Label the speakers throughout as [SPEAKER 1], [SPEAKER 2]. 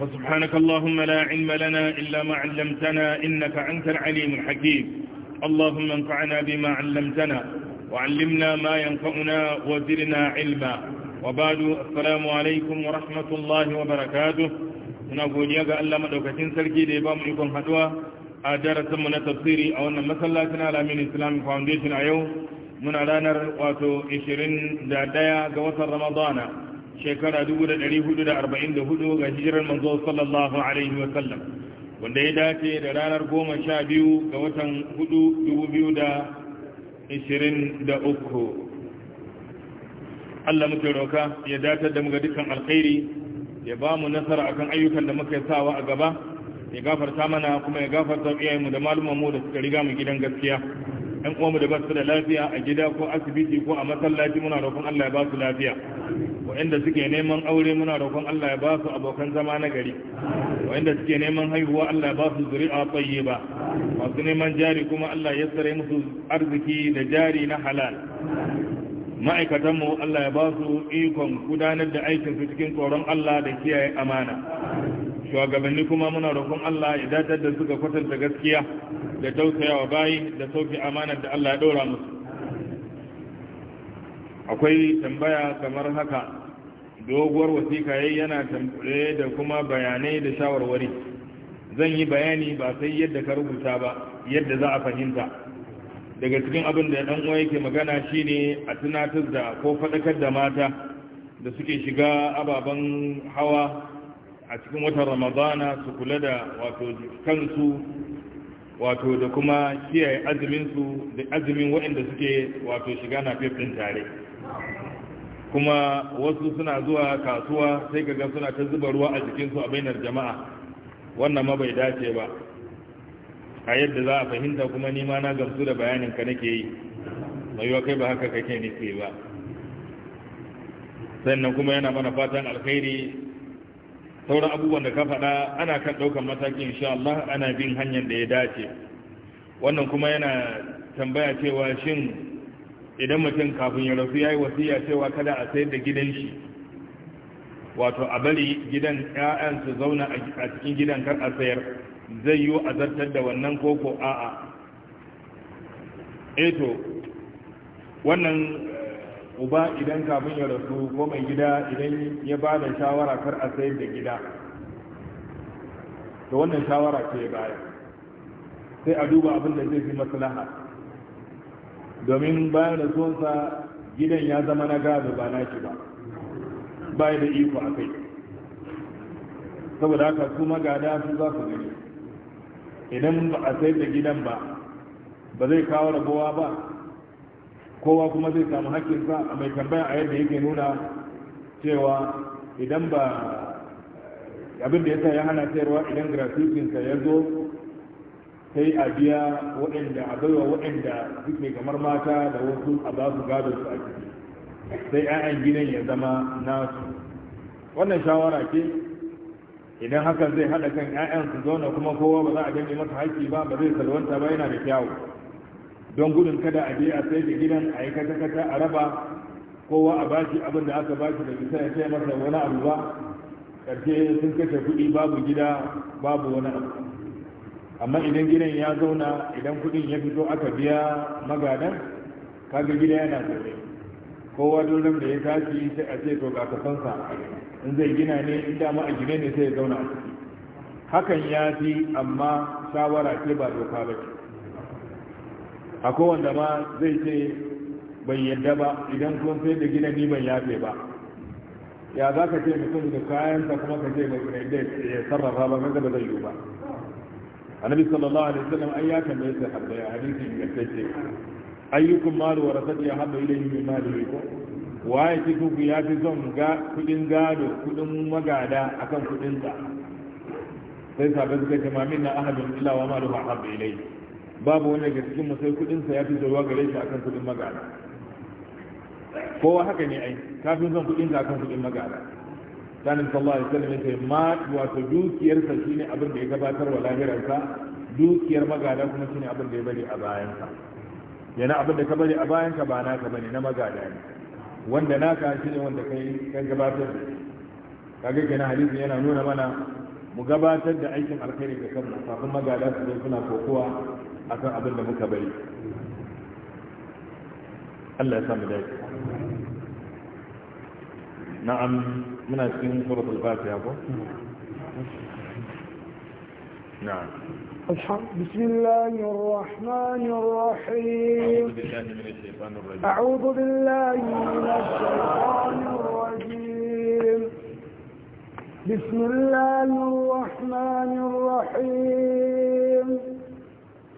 [SPEAKER 1] فسبحانك اللهم لا علم لنا إلا ما علمتنا إنك أنت العليم الحكيم اللهم انفعنا بما علمتنا وعلمنا ما ينفعنا وزرنا علما وبعد السلام عليكم ورحمة الله وبركاته muna godiya ga Allah madaukakin sarki da ya ba mu ikon a darasin mu na tafsiri a wannan masallacin Alamin Islamic Foundation a yau muna ranar wato 21 ga watan Ramadana shekara hudu ga hijirar manzo sallallahu alaihi wa sallam wanda ya dace da ranar 12 ga watan 4 2023 Allah muke roka ya datar da muga dukkan alkhairi ya ba mu nasara akan ayyukan da muka sawa a gaba ya gafarta mana kuma ya gafarta iyayenmu da malumanmu da suka riga mu gidan gaskiya ɗan uwanmu da ba su da lafiya a gida ko asibiti ko a masallaci muna roƙon Allah ya ba su lafiya inda suke neman aure muna roƙon Allah ya ba su abokan zama na gari inda suke neman haihuwa Allah ya ba su zuri'a Ba masu neman jari kuma Allah ya tsare musu arziki da jari na halal ma'aikatanmu Allah ya ba su ikon gudanar da aikinsu cikin tsoron Allah da kiyaye amana shugabanni kuma muna roƙon Allah ya dace da su ga kwatanta gaskiya da tausayawa bayi da sauki amanar da Allah ya ɗora musu akwai tambaya kamar haka doguwar wasiƙa yayi yana tambaye da kuma bayanai da shawarwari zan yi bayani ba sai yadda ka rubuta ba yadda za a fahimta daga cikin abin da ɗan uwa yake magana shine a tunatar da ko faɗakar da mata da suke shiga ababen hawa a cikin watan ramadana su kula da wato kansu wato da kuma kiyaye azuminsu da azumin waɗanda suke wato shiga na fefin tare kuma wasu suna zuwa kasuwa sai kaga suna ta zuba ruwa a jikinsu a bainar jama'a wannan ma bai dace ba a yadda za a fahimta kuma nima na gamsu da bayanin ka nake yi mai yiwa kai ba haka kake nufi ba sannan kuma yana mana fatan alkhairi sauran abubuwan da ka faɗa ana kan ɗaukar mataki insha Allah ana bin hanyar da ya dace wannan kuma yana tambaya cewa shin idan mutum kafin ya rasu ya yi wasiya cewa kada a sayar da gidan shi wato a bari gidan ƴaƴan su zauna a cikin gidan kar a sayar zai yiwu a zartar da wannan koko a'a eto eh wannan uba idan kafin ya rasu ko mai gida idan ya ba da shawara kar a sayar da gida da wannan shawara ce ya bayar sai a duba abin da zai fi maslaha domin bayan rasuwansa gidan ya zama na gado ba na shi ba ba da iko a kai saboda haka su magada su za su gani idan ba a sayar da gidan ba ba zai kawo rabuwa ba kowa kuma zai samu hakkinsa a mai tambaya a yadda yake nuna cewa idan ba abin da ya sa ya hana sayarwa idan gratuitinsa ya zo sai a biya waɗanda a baiwa waɗanda suke kamar mata da wasu a ba su gado su a ciki sai 'ya'yan gidan ya zama nasu wannan shawara ke idan hakan zai haɗa kan 'ya'yan su zauna kuma kowa ba za a gani masa haƙƙi ba ba zai salwanta ba yana da kyawu don gudun kada a je a sai da gidan a yi kata-kata a raba kowa a bashi abin da aka bashi da bisa ya sai masa wani abu ba ƙarfe sun kashe kuɗi babu gida babu wani abu amma idan gidan ya zauna idan kuɗin ya fito aka biya magadan kaga gida yana zaune kowa dole da ya tashi sai a ce to ga kasansa in zai gina ne in dama a gine ne sai ya zauna a hakan ya fi amma shawara ce ba doka ba ce akwai wanda ma zai ce bai yadda ba idan kun sai da gina ni bai yafe ba ya za ka ce mutum da kayansa kuma ka ce mai da ya sarrafa ba gaba zai yi ba annabi sallallahu alaihi wasallam ai ya tambaye sa habbai ya hadisi tace ayyukum malu wa rasati habba ilayhi min malihi ko waye cikin ku ya fi son ga kudin gado kudin magada akan kudin ta? sai sabai suka ce ma minna ahadun illa wa malu habba ilayhi babu wanda ga cikin masai kudin sa ya fi zuwa gare shi akan kudin magana kowa haka ne ai kafin zan kudin ga akan kudin magana sanin sallallahu alaihi wasallam yace ma wato dukiyar sa shine abin da ya gabatar wa lahirar sa dukiyar magada kuma shine abin da ya bari a bayan sa yana abin da ka bari a bayan ka ba naka bane na magada ne wanda naka shine wanda kai kan gabatar da kaga kenan hadisi yana nuna mana mu gabatar da aikin alkhairi ga kanmu kafin magada su zo suna kokowa akan abin da muka bari Allah ya samu dace na'am muna cikin suratul fatiha ko
[SPEAKER 2] na'am بسم الله الرحمن الرحيم أعوذ بالله من الشيطان الرجيم بسم الله الرحمن الرحيم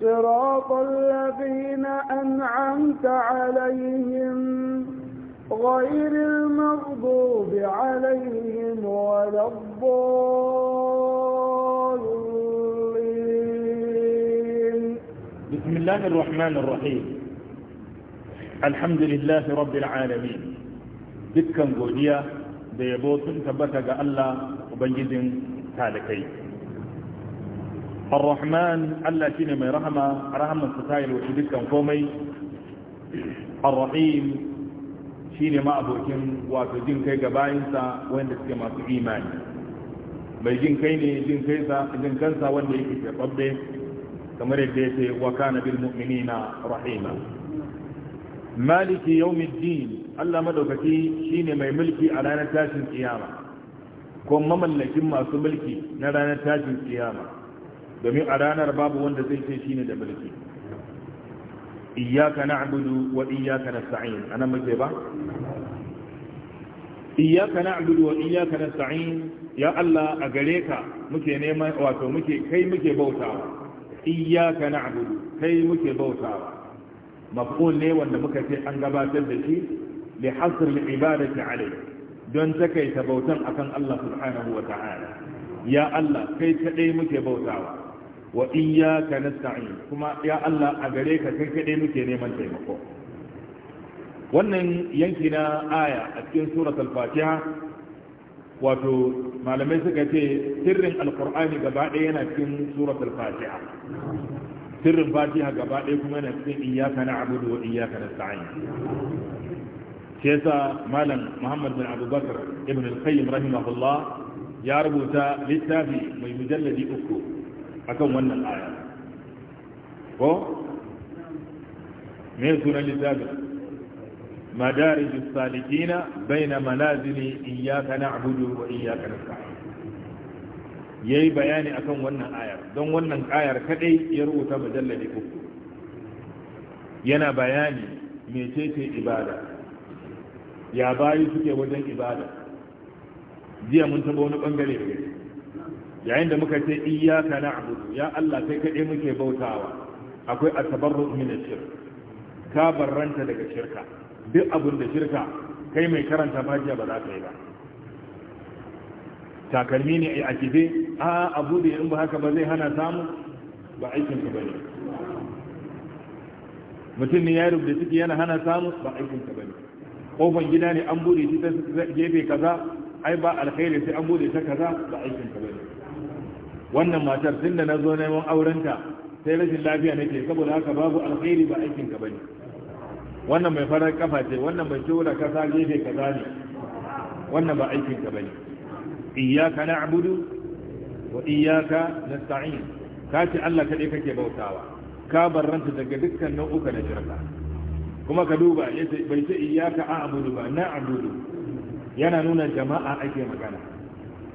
[SPEAKER 2] صراط الذين أنعمت عليهم غير المغضوب عليهم ولا الضالين بسم الله الرحمن الرحيم
[SPEAKER 1] الحمد لله رب العالمين بكم godiya da تبتك الله وبنجد تالكين allah الرحمن الله شيني مي رحمة رحمة ستايل وشدك كومي الرحيم شيني ما أبوكين واتجين كي قبائنسا وين wanda ما masu إيمان mai jin kai ne jin kaisa jin kansa wanda yake shafabbe kamar yadda ya ce wa kana bil mu'minina rahima maliki yawmiddin Allah madaukaki shine mai mulki a ranar tashin kiyama ko mamallakin masu mulki na ranar tashin kiyama domin a ranar babu wanda zai ce shine da mulki iyyaka na'budu wa iyyaka nasta'in anan muke ba iyyaka na'budu wa iyyaka nasta'in ya Allah a gare ka muke neman wato muke kai muke bautawa iyyaka na'budu kai muke bautawa maf'ul ne wanda muka ce an gabatar da shi li hasr al-ibadati alayhi don takaita bautan akan Allah subhanahu wa ta'ala ya Allah kai kaɗai muke bautawa wa iyyaka nasta'in kuma ya Allah a gare ka kai kade muke neman taimako wannan yanki na aya a cikin surat al-fatiha wato malamai suka ce sirrin alkur'ani gaba ɗaya yana cikin surat al-fatiha sirrin fatiha gaba ɗaya kuma yana cikin iyyaka na'budu wa iyyaka nasta'in shi malam muhammad bin abubakar ibn al-qayyim rahimahullah ya rubuta littafi mai mujalladi uku akan wannan aya ko me sunan littafin madarij salikina baina manazili iyyaka na'budu wa iyyaka nasta'in yayi bayani akan wannan ayar don wannan ayar kadai ya rubuta majalladi uku yana bayani mecece ibada ya bayi suke wajen ibada jiya mun taba wani bangare da yayin da muka ce iyyaka na'budu ya Allah sai kaɗai muke bautawa akwai atabarru min shirk ka barranta daga shirka duk abun da shirka kai mai karanta fajiya ba za ka yi ba takalmi ne a kife a abu da in ba haka ba zai hana samu ba aikin ka bane mutum ne ya rubuta ciki yana hana samu ba aikin ka bane kofan gida ne an bude shi ta gefe kaza ai ba alkhairi sai an bude ta kaza ba aikin ka bane wannan matar tun da na zo neman aurenta sai rashin lafiya nake saboda haka babu alkhairi ba aikin ka bane wannan mai farar kafa ce wannan mai tura kasa gefe kaza ne wannan ba aikin ka bane iyyaka na'budu wa iyyaka nasta'in ka ce Allah kaɗai kake bautawa ka barranta daga dukkan nau'uka na shirka kuma ka duba yace bai ce iyyaka a'budu ba na'budu yana nuna jama'a ake magana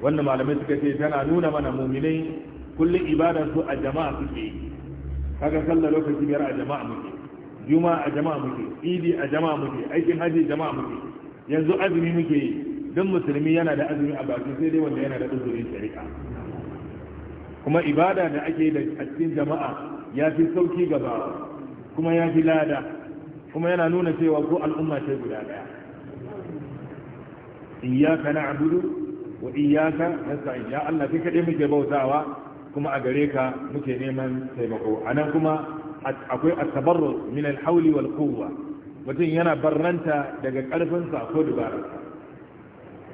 [SPEAKER 1] wanda malamai suka ce tana nuna mana muminai kullum ibadar su a jama'a suke yi kaga sallar lokaci biyar a jama'a muke juma a jama'a muke idi a jama'a muke aikin haji jama'a muke yanzu azumi muke yi don musulmi yana da azumi a baki sai dai wanda yana da uzurin shari'a kuma ibada da ake da a cikin jama'a ya fi sauki gaba kuma ya fi lada kuma yana nuna cewa ko al'umma ce guda daya iyyaka na'budu wa iyyaka nasta'in ya Allah kai kadai muke bautawa kuma a gare ka muke neman taimako anan kuma akwai at-tabarru min al-hawli wal quwwa mutum yana barranta daga sa ko dubararsa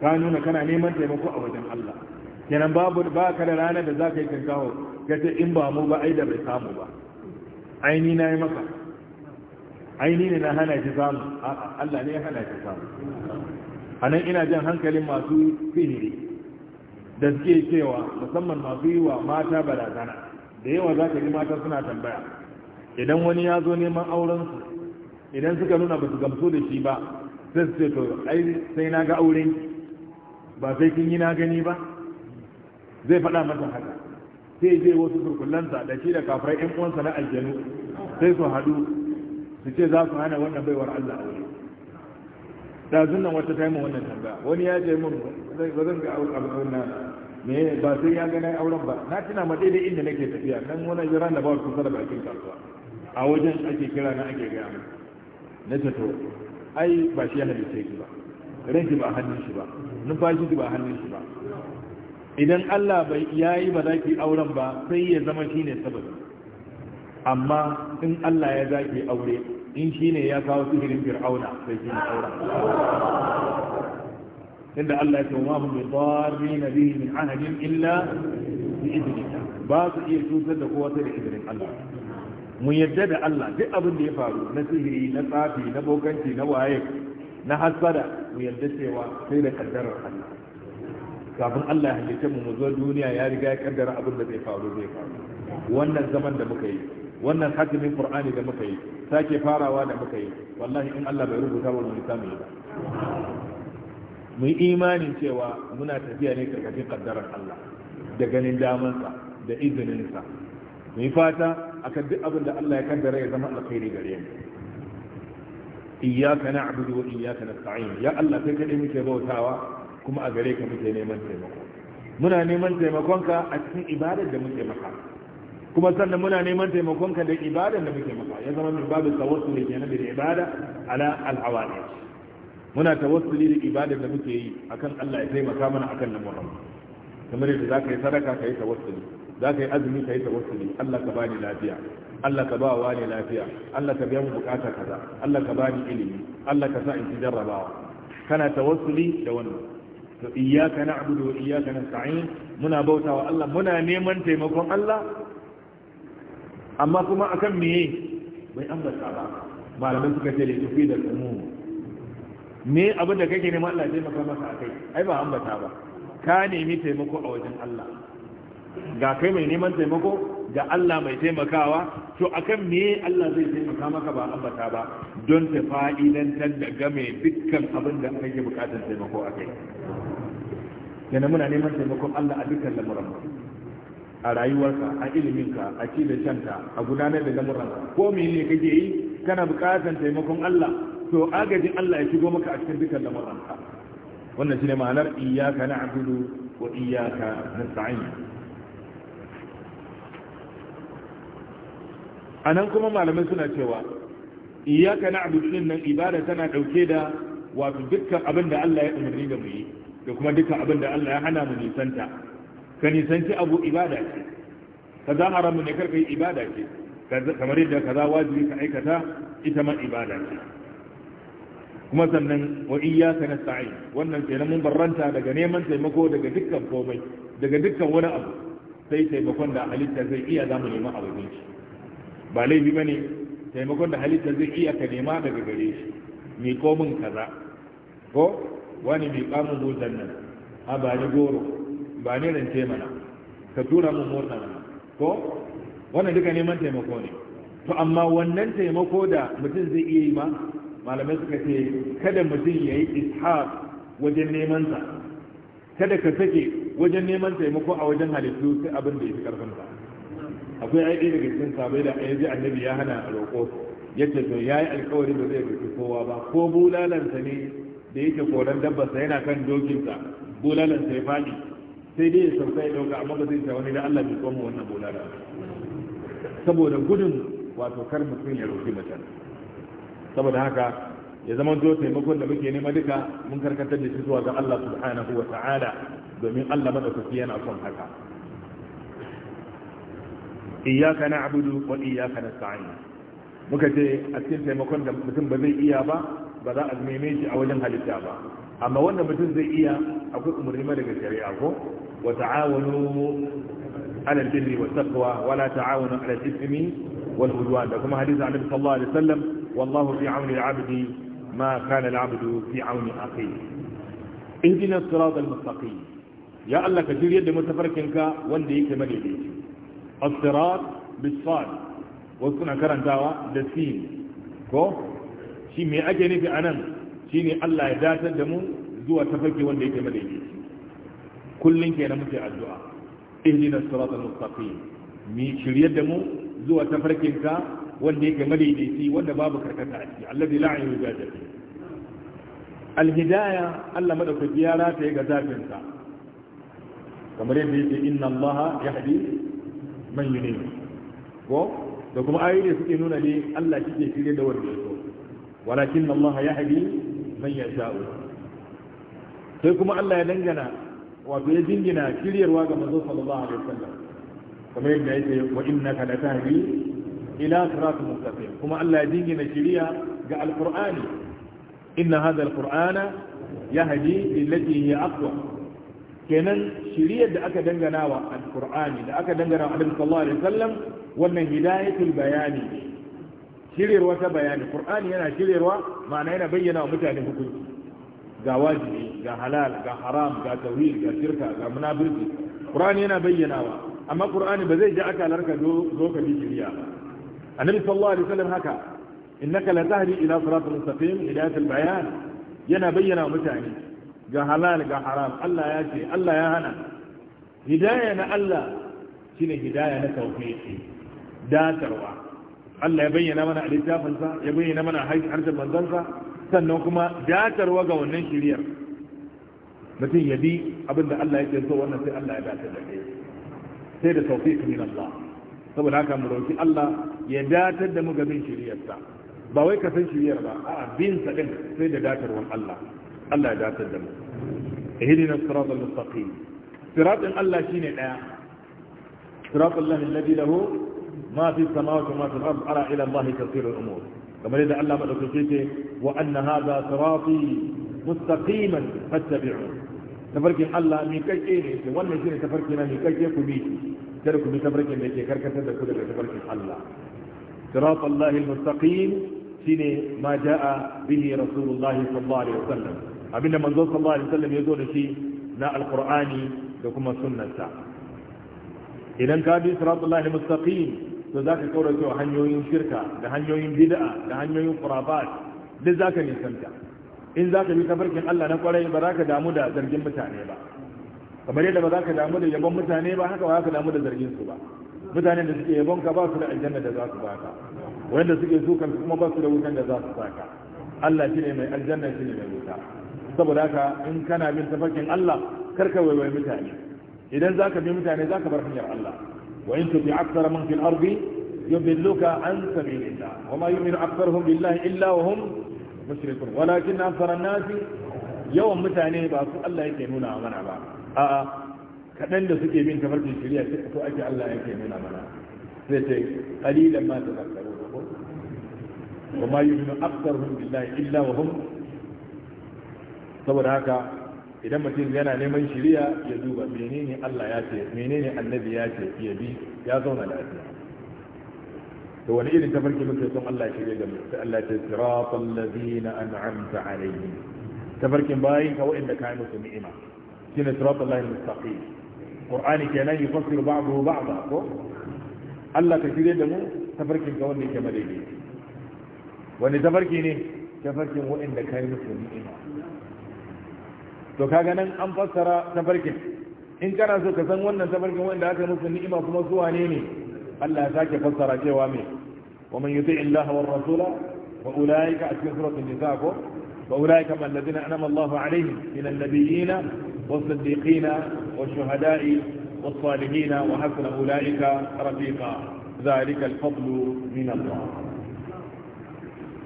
[SPEAKER 1] ka nuna kana neman taimako a wajen Allah kenan babu ba ka da ranar da za ka yi kankawo ka ce in ba mu ba ai da bai samu ba aini na yi maka aini ne na hana shi samu a'a Allah ne ya hana shi samu a nan ina jan hankalin masu sihiri da suke cewa musamman masu yi wa mata barazana da yawa za ka ji mata suna tambaya idan wani ya zo neman aurensu idan suka nuna ba su gamsu da shi ba sai su ce to ai sai na ga auren ba sai kin yi na gani ba zai faɗa masa haka sai je wasu surkullansa da shi da kafar ƴan uwansa na aljanu sai su haɗu su ce za su hana wannan baiwar Allah aure ɗazun nan wata taimun wannan tambaya wani ya je mun ba zan ga abin nan me ba sai ya ga na auren ba na tuna ma daidai inda nake tafiya nan wani jira da ba su kusa da bakin kasuwa a wajen ake kira na ake gaya mu na tato ai ba shi ya halitta ki ba ranki ba hannun shi ba numfashi ba hannun shi ba idan Allah bai yayi ba za ki auren ba sai ya zama shine sababi amma in Allah ya zaki aure in shi ne ya kawo sihirin fir'auna sai shi ne saura inda Allah ya ce ma hum bidarrin bihi min ahadin illa bi ba su iya cutar da kowa sai da izinin Allah Mun yadda da Allah duk abin da ya faru na sihiri na tsafi na bokanci na waye na hasada mu yadda cewa sai da kaddarar Allah kafin Allah ya halitta mu mu zo duniya ya riga ya kaddara abin da zai faru zai faru wannan zaman da muka yi wannan hakimin qur'ani da muka yi sake farawa da muka yi wallahi in Allah bai rubuta wa mu samu ba mu yi imanin cewa muna tafiya ne karkashin kaddarar Allah da ganin damansa da izininsa mu yi fata akan duk abin da Allah ya kaddara ya zama alkhairi gare mu iyyaka na'budu wa iyyaka nasta'in ya Allah kai kadai muke bautawa kuma a gare ka muke neman taimako muna neman taimakonka a cikin ibadar da muke maka kuma sannan muna neman taimakonka da ibadan da muke maka ya zama min babu tawassuli kenan da ibada ala al-awani muna tawassuli da ibadan da muke yi akan Allah ya taimaka mana akan nan Muhammad kamar yadda zaka yi sadaka kai tawassuli zaka yi azumi kai tawassuli Allah ka bani lafiya Allah ka ba wa ne lafiya Allah ka biya mu bukata kaza Allah ka bani ilimi Allah ka sa in ci jarrabawa kana tawassuli da wannan to iyyaka na'budu wa iyyaka nasta'in muna bautawa Allah muna neman taimakon Allah amma kuma akan meye bai ambata ba malaman suka ce da da umum me abin da kake neman Allah zai maka maka akai ai ba ambata ba ka nemi taimako a wajen Allah ga kai mai neman taimako ga Allah mai taimakawa to akan meye Allah zai taimaka maka ba ambata ba don ta fa'idantar da game dukkan abin da kake bukatar taimako akai yana muna neman taimakon Allah a dukkan lamuran a rayuwarka a iliminka a ci da shanka a gudanar da lamuranka ko mene kake yi kana bukatar taimakon Allah to agajin Allah ya shigo maka a cikin dukkan lamuranka wannan shine ma'anar iyyaka na'budu wa iyyaka nasta'in anan kuma malamai suna cewa iyyaka na'budu din nan ibada tana dauke da wato dukkan abin da Allah ya umarni da mu yi da kuma dukkan abin Allah ya hana mu nisanta ka nisanci abu ibada ce kaza haramun ne karka yi ibada ce kamar yadda kaza wajibi ka aikata ita ma ibada ce kuma sannan wa iyyaka nasta'in wannan kenan mun barranta daga neman taimako daga dukkan komai daga dukkan wani abu sai taimakon da halitta zai iya zamu nema a wajen shi ba laifi bane taimakon da halitta zai iya ka nema daga gare shi mi komin kaza ko wani mi kamun butan nan a ba goro ba ne rance mana ka tura mun mota mana ko wannan duka neman taimako ne to amma wannan taimako da mutum zai iya yi ma malamai suka ce kada mutum ya yi ishaf wajen neman sa kada ka sake wajen neman taimako a wajen halittu sai abin da ya fi karfin sa akwai ai ɗaya daga cikin sabai da ayyaji annabi ya hana roƙo yace to yayi alƙawari ba zai roƙi kowa ba ko bulalansa ne da yake koran dabbarsa yana kan dokinsa bulalansa ya faɗi sai dai ya sauka ya dauka amma ba zai sa wani da Allah bai kuma wannan da saboda gudun wato kar mutum ya roki mutum saboda haka ya zama to taimakon da muke nema duka mun karkatar da shi zuwa ga Allah subhanahu wa ta'ala domin Allah madaukaki yana son haka iyyaka na'budu wa iyyaka nasta'in muka ce a cikin taimakon da mutum ba zai iya ba ba za a neme shi a wajen halitta ba amma wanda mutum zai iya akwai umarni daga shari'a ko وتعاونوا على البر والتقوى ولا تعاونوا على الإثم والعدوان لكم حديث عن النبي صلى الله عليه وسلم والله في عون العبد ما كان العبد في عون أخيه اهدنا الصراط المستقيم يا الله كثير يد متفركنك وندي كمال يديك الصراط بالصاد وكنا كرنتاوا دسين كو شي مي اجي نفي انان شيني الله يداتر دمو zuwa tafarki wanda yake madaidaici kullum kenan muke addu'a ihdinas siratal mustaqim mi shiryar da mu zuwa tafarkin ka wanda yake madaidaiti wanda babu karkata a ciki alladhi la yujaza fi alhidaya Allah madaukaki ya rataye ga zafinsa. kamar yadda yake inna ya yahdi man ne. ko da kuma ayoyi da suke nuna ne Allah shi ke shirye da wanda ya so walakin ya yahdi man yasha'u sai kuma Allah ya dangana wato ya jingina shiryarwa ga manzo sallallahu alaihi wasallam kamar yadda yake wa innaka latahdi ila siratal mustaqim kuma Allah ya jingina shiriya ga alqur'ani inna hadha alqur'ana yahdi lillati hi aqwa kenan shiriyar da aka dangana wa alqur'ani da aka dangana wa annabi sallallahu alaihi wasallam wannan hidayatul bayani shiryarwa ta bayani qur'ani yana shiryarwa ma'ana yana bayyana wa mutane hukunci ga wajibi ga halal ga haram ga tauhid ga shirka ga munafiki qur'ani yana bayyanawa amma qur'ani ba zai ji akalar ka zo ka bi shiriya annabi sallallahu alaihi wasallam haka innaka la tahdi ila siratal mustaqim hidayat al bayan yana bayyana mutane ga halal ga haram Allah ya ce Allah ya hana hidaya na Allah shine hidaya na tauhid datarwa Allah ya bayyana mana a littafinsa ya bayyana mana harshen manzansa sannan kuma datarwa ga wannan shiriyar mutum ya bi abinda Allah ya ce so wannan sai Allah ya datar da kai sai da tawfiq min Allah saboda haka mu roki Allah ya datar da mu ga bin shiriyarsa ba wai ka san shiriyar ba a'a bin sa din sai da datarwan Allah Allah ya datar da mu ihdina as al-mustaqim siratin Allah shine daya siratal lahi alladhi lahu ma fi samawati wa ma fil ardi ala ila Allah kaseerul umur kamar yadda Allah madaukake ce wa anna hadha sirati mustaqiman fattabi'u tafarkin Allah mai kake ne wannan shine tafarki na mi kake ku bi kada ku bi tafarkin da ke karkatar da ku daga tafarkin Allah صراط الله المستقيم shine ma ja'a bihi rasulullahi sallallahu alaihi wasallam abinda manzo sallallahu alaihi wasallam yazo da shi na alqur'ani da kuma sunnarsa idan ka bi siratal mustaqim to za ka kaura cewa hanyoyin shirka da hanyoyin bid'a da hanyoyin qurafat duk za ka nisanta in za ka bi tafarkin Allah na kwarai ba za ka damu da zargin mutane ba kamar yadda ba za ka damu da yabon mutane ba haka ba za ka damu da zargin su ba mutanen da suke yabon ka ba su da aljanna da za su baka wanda suke sukan kuma ba su da wutan da za su ka. Allah shi ne, mai aljanna ne mai wuta saboda haka in kana bin tafarkin Allah karka waiwai mutane idan za ka bi mutane za ka bar hanyar Allah وإن تطع أكثر من في الأرض يضلوك عن سبيل الله وما يؤمن أكثرهم بالله إلا وهم مشركون ولكن أكثر الناس يوم متاني بأس الله يكينون أمنا بعض آه كأن لسكي من كفرد الشريعة سأتي الله يكينون أمنا سيتي قليلا ما تذكرون وما يؤمن أكثرهم بالله إلا وهم saboda haka idan mutum yana neman shiriya ya duba menene Allah ya ce menene annabi ya ce ya bi ya zauna lafiya to wani irin tafarki muke son Allah ya shirya da mu sai Allah ya ce siratal ladina an'amta alaihim tafarkin bayin ka wa'inda ka yi musu ni'ima shine siratal ladina mustaqim qur'ani kenan yufassiru ba'dahu ba'da ko Allah ka shirya da mu tafarkin ka wanda yake madaidaici wani tafarki ne tafarkin wa'inda ka yi musu ni'ima to kaga nan an fassara tafarkin in kana so ka san wannan tafarkin wanda aka musu ni'ima kuma su wane ne Allah ya sake fassara cewa me wa man yuti illaha war rasula wa ulaika a cikin suratul nisa ko wa ulaika man ladina anama Allahu alaihim min annabiyina والصديقين والشهداء والصالحين وحسن ula'ika رفيقا ذلك الفضل من الله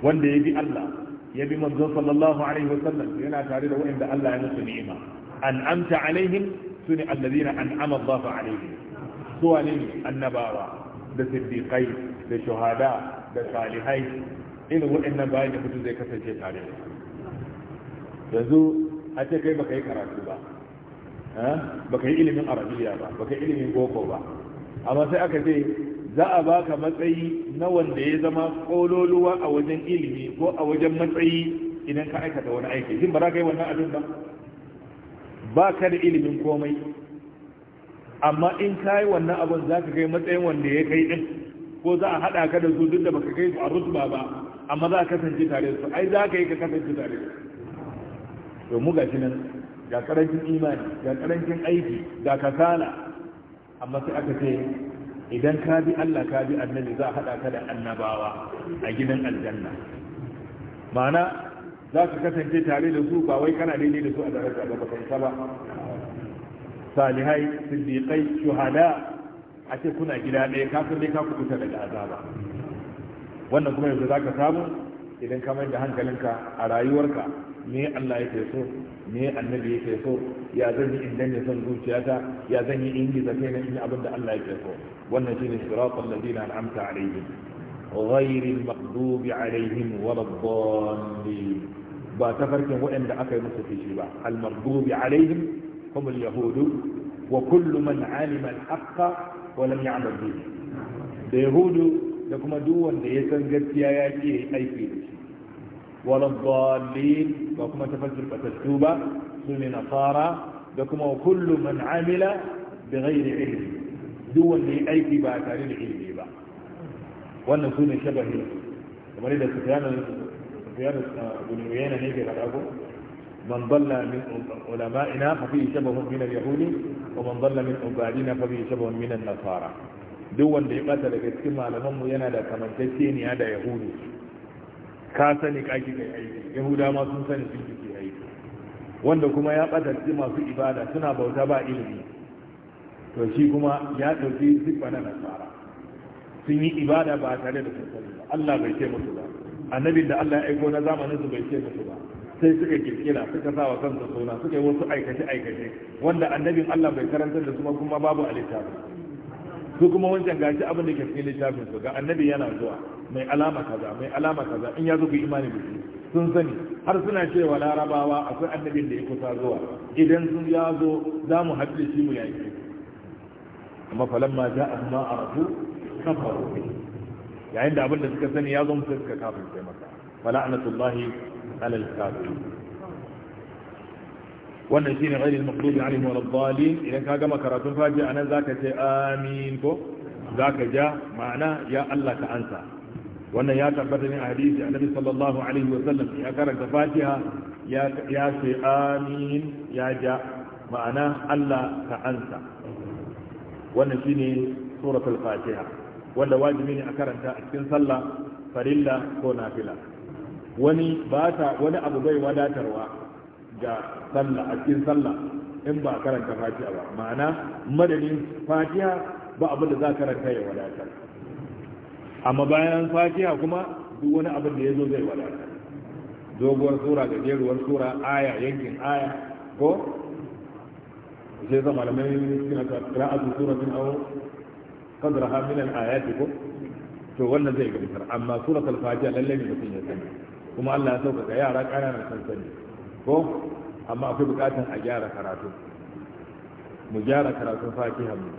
[SPEAKER 1] wanda ya bi Allah ya bi manzon sallallahu alaihi wa wasallam yana tare da wa'anda Allah ya musu ni'ima an'amta alaihim sune alladhina an'ama Allahu alaihim suwa ne annabawa da siddiqai da shuhada da salihai irin wa'annan bayan da mutum zai kasance tare da yanzu a ce kai baka yi karatu ba eh? baka yi ilimin arabiya ba baka yi ilimin boko ba amma sai aka ce za a baka matsayi na wanda ya zama kololuwa a wajen ilimi ko a wajen matsayi idan ka aikata wani aiki jin ba za ka yi wannan abin ba ba ka da ilimin komai amma in ka yi wannan abin za ka kai matsayin wanda ya kai din ko za a haɗa ka da su duk da baka kai su a rutuba ba amma za a kasance tare su ai za ka yi ka kasance tare su to mu ga nan ga karancin imani ga karancin aiki ga kasala amma sai aka ce idan ka bi Allah ka bi annabi za a haɗa ka da annabawa a gidan aljanna ma'ana za ka kasance tare da su ba wai kana daidai da su a daraja ba baka ba salihai siddiqai shuhada a ce kuna gida ɗaya kafin dai ka kubuta daga azaba wannan kuma yanzu za ka samu idan ka mai da hankalinka a rayuwarka me Allah yake so me annabi yake so ya zan yi in danne son zuciyata ya zan yi in giza na in abin da Allah yake so wannan shine siratal ladina an'amta alaihim غير المغضوب عليهم ولا ba ta farkin waɗanda aka yi musu fishi ba al-maghdubi alaihim hum al wa kullu man alima al-haqqa wa lam ya'mal bihi da yahudu da kuma duk wanda ya san gaskiya ya ce aiki da shi wala dhalin ba kuma tafarkin batattu ba su ne nasara da kuma kullum man amila bi ghairi ilmi duk wanda ya aiki ba tare da ilmi ba wannan su ne shabahi da ke من ضل من علمائنا ففيه شبه من اليهود ومن ضل من عبادنا ففيه شبه من النصارى دون da ya bata daga cikin malamanmu yana da kamantacce da yahudu ka sani ka ki kai aiki yahuda ma sun sani sun ki aiki wanda kuma ya batarci masu ibada suna bauta ba ilimi to shi kuma ya dauki siffa na nasara sun yi ibada ba tare da sun sani ba Allah bai ce musu ba annabin da Allah ya aiko na zamanin su bai ce musu ba sai suka kirkira suka sa wa kansu suna suka yi wasu aikace aikace wanda annabin Allah bai karantar da su kuma babu a littafin su kuma wancan gashi abin da ke cikin littafin su ga annabi yana zuwa mai alama kaza mai alama kaza in ya zo ku imani da shi sun sani har suna cewa larabawa akwai annabin da ya kusa zuwa idan sun ya zo za mu haɗu da shi mu yaƙi amma falamma ja a ma a rasu kafaru yayin da abin da suka sani ya zo musu suka kafin sai masa fala'anatullahi alal kafirin wannan shine ghairil maghdubi alaihim waladdallin idan ka gama karatun faji anan zaka ce amin ko zaka ja ma'ana ya Allah ka ansa wannan ya tabbata ne a hadisi annabi sallallahu alaihi wa sallam ya karanta fatiha ya ya ce amin ya ja ma'ana Allah ka ansa wannan shine suratul fatiha wanda wajibi ne a karanta a cikin sallah farilla ko nafila wani ba ta wani abu bai wadatarwa ga sallah a cikin sallah in ba karanta fatiha ba ma'ana madadin fatiha ba abu da za karanta ya wadatar amma bayan fatiha kuma duk wani abin da ya zo zai wadata doguwar sura jeruwar sura aya yankin aya ko sai zama da mai suna tsura suratin aw qadraha min al-ayat ko to wannan zai gamsar amma suratul fatiha lalle ne mutum ya sani kuma Allah ya sauƙaƙa yara ƙananan san sani ko amma akwai buƙatar a gyara karatu mu gyara karatun fatiha mu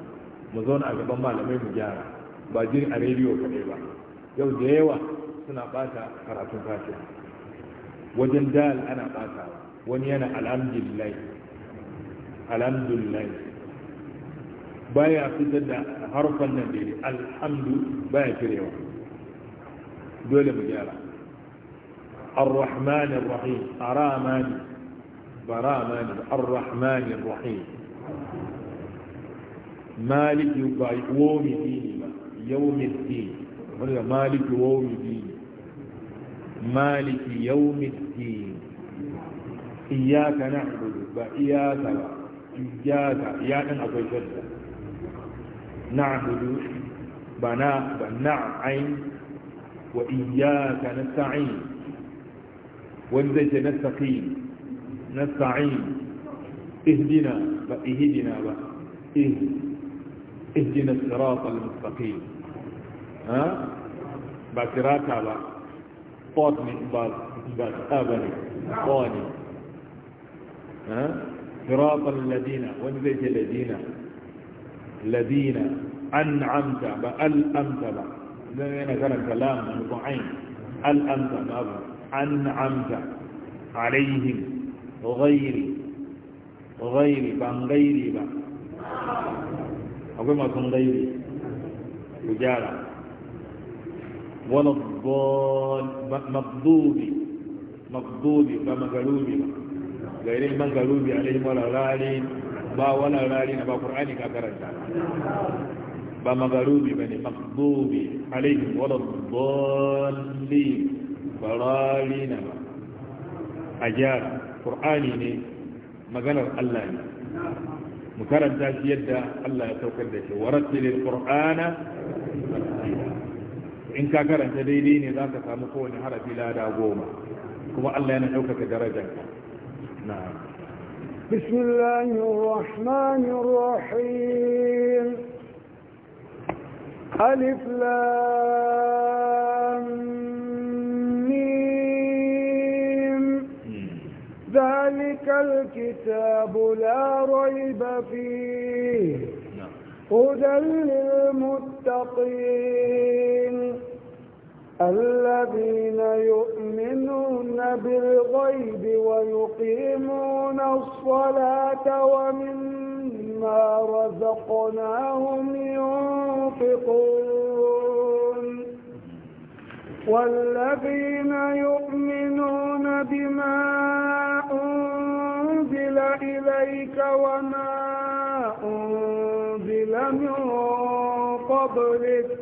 [SPEAKER 1] mu zauna a gaban malamai mu gyara ba jin a rediyo kaɗai ba yau da yawa suna ɓata karatun fatiha wajen dal ana ɓata wani yana alhamdulillah alhamdulillah baya fitar da harfan nan da alhamdu baya cirewa dole mu gyara الرحمن الرحيم أرامان برامان الرحمن الرحيم مالك يوم ديني يوم الدين مالك يوم الدين مالك يوم الدين إياك نعبد وإياك إياك إياك أقول شدة نعبد بناء بنعين وإياك نستعين وإذا نستقيم نستعين اهدنا بقى اهدنا اهدنا الصراط المستقيم ba tirata ba ford ne ba ta ba ne ford صراط الذين ونزيت الذين الذين أنعمت بألأمت بأ لأننا كان كلام من ضعين الأمت بأبا أنعمت عليهم غير غير بان غير بان أقول ما كن غير وجارة ولا الضال مقضوب مغضوب مغضوب فمغلوب غير المغلوب عليهم ولا لالين با ولا لالين با قرآن كاكرن با مغلوب بني مقضوب عليهم ولا الضالين برالين أجار قرآن مغنر الله مكرم يد الله يتوكل ذلك ورتل القرآن ترتيلا in ka karanta daidai ne za ka samu kowane harafi lada goma kuma Allah yana ɗaukaka darajar na
[SPEAKER 2] بسم الله الرحمن الرحيم ألف لام ذلك الكتاب لا ريب فيه هدى للمتقين الذين يؤمنون بالغيب ويقيمون الصلاة ومما رزقناهم ينفقون والذين يؤمنون بما أنزل إليك وما من قبلك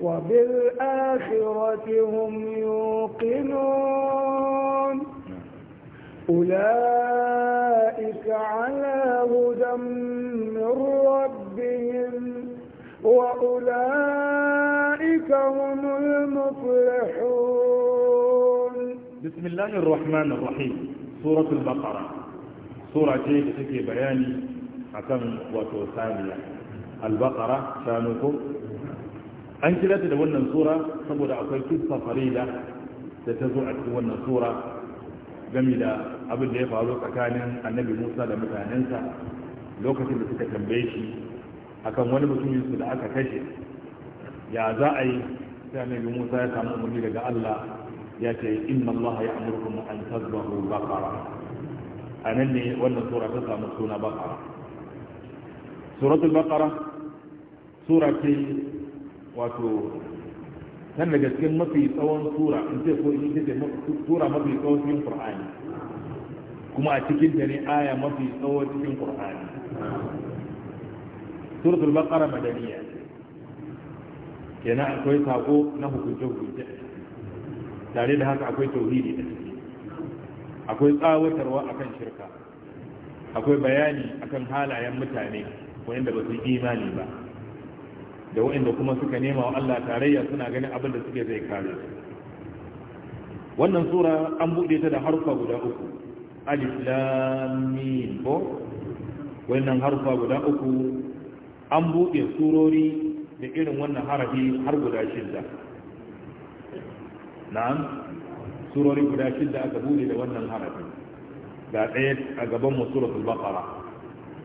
[SPEAKER 2] وبالآخرة هم يوقنون أولئك على هدى من ربهم وأولئك هم المفلحون
[SPEAKER 1] بسم الله الرحمن الرحيم سورة البقرة سورة جيدة تكي بياني أكمل وتوثانية albakara shanu ko an kira ta da wannan sura saboda akwai kisa farida da ta zo a cikin wannan sura gami da abin da ya faru tsakanin annabi musa da mutanensa lokacin da suka tambaye shi akan wani mutumin su da aka kashe ya za a yi sai annabi musa ya samu umarni daga allah ya ce inna allaha ya amurkum an tazbahu baqara anan ne wannan sura ta samu suna baqara suratul baqara sura ce wato nan da cikin mafi tsawon sura in ce ko in ce sura mafi tsawon cikin qur'ani kuma a cikin ta ne aya mafi tsawo cikin qur'ani suratul baqara madaniya kenan akwai sako na hukunce hukunce tare da haka akwai tauhidi da ciki akwai tsawatarwa akan shirka akwai bayani akan halayen mutane wanda ba su yi imani ba da wanda kuma suka nema wa Allah tarayya suna ganin abin da suke zai kare su wannan sura an buɗe ta da harfa guda uku alif lam mim ko wannan harfa guda uku an buɗe surori da irin wannan harafi har guda shida na'am surori guda shida aka buɗe da wannan harafi ga ɗaya a gaban mu suratul baqara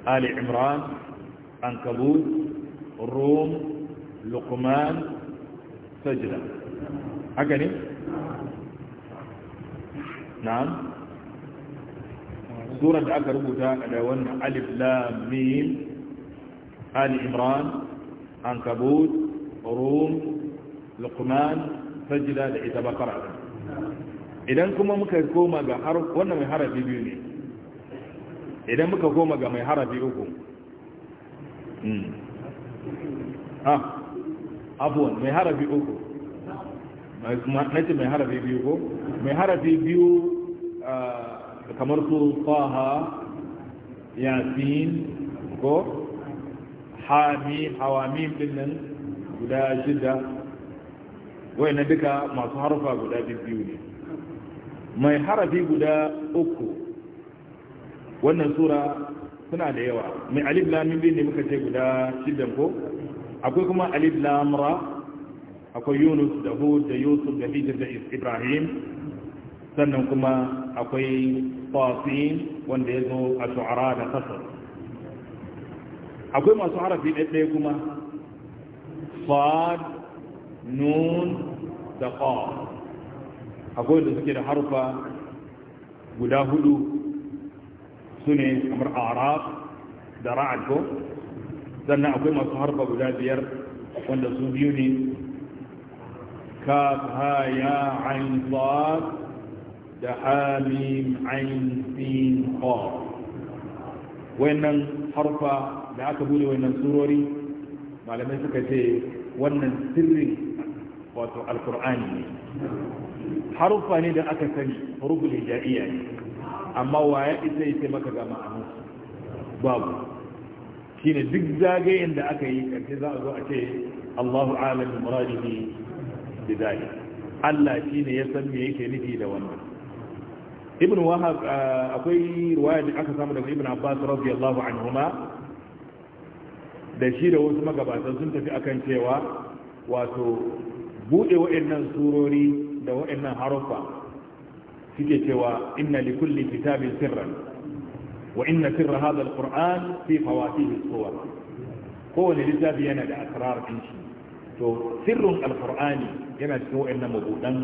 [SPEAKER 1] ali imran ankabut rum luqman sajda haka ne na'am surar da aka rubuta da wannan alif ali imran ankabut rum luqman da idan kuma muka koma ga wannan mai harafi biyu ne idan muka koma ga mai harafi uku ha mm. abuwan ah, mai harafi uku na ce mai harafi biyu ko mai harafi biyu ah, kamar su faha yasin ko hamim hawamim din nan guda shida wai na duka masu harufa guda biyu ne mai harafi guda uku wannan sura suna da yawa mai alif lamin biyu ne muka ce guda shidan ko akwai kuma alif lamra akwai yunus da hud da yusuf da hijir da ibrahim sannan kuma akwai tafin wanda ya zo a shu'ara da kasar akwai masu harafi ɗaiɗaya kuma sad nun da ƙa akwai da suke da harfa guda hudu su ne kamar araf da ra'ad sannan akwai masu harfa guda biyar wanda su biyu ne ka ha ya ain sad da hamim ain sin qaf harfa da aka bude wayannan surori malamai suka ce wannan sirri wato alkur'ani ne harufa ne da aka sani huruful hijaiya ne amma waye isa ya ce maka ga ma'anarsu babu shine duk zagayen da aka yi ƙarshe za a zo a ce Allahu alamin muradihi bi zalik Allah shine ya san me yake nufi da wannan Ibn Wahab ah, akwai riwaya da aka samu daga Ibn Abbas radiyallahu anhuma da shi da wasu magabatan sun tafi akan cewa wato bude wa'annan surori da wa'annan harufa suke cewa inna li kulli kitabin sirran wa inna sirra hadha alquran fi fawatihi suwar kowane littafi yana da asrar din shi to sirrin alqurani yana cikin wayannan mabudan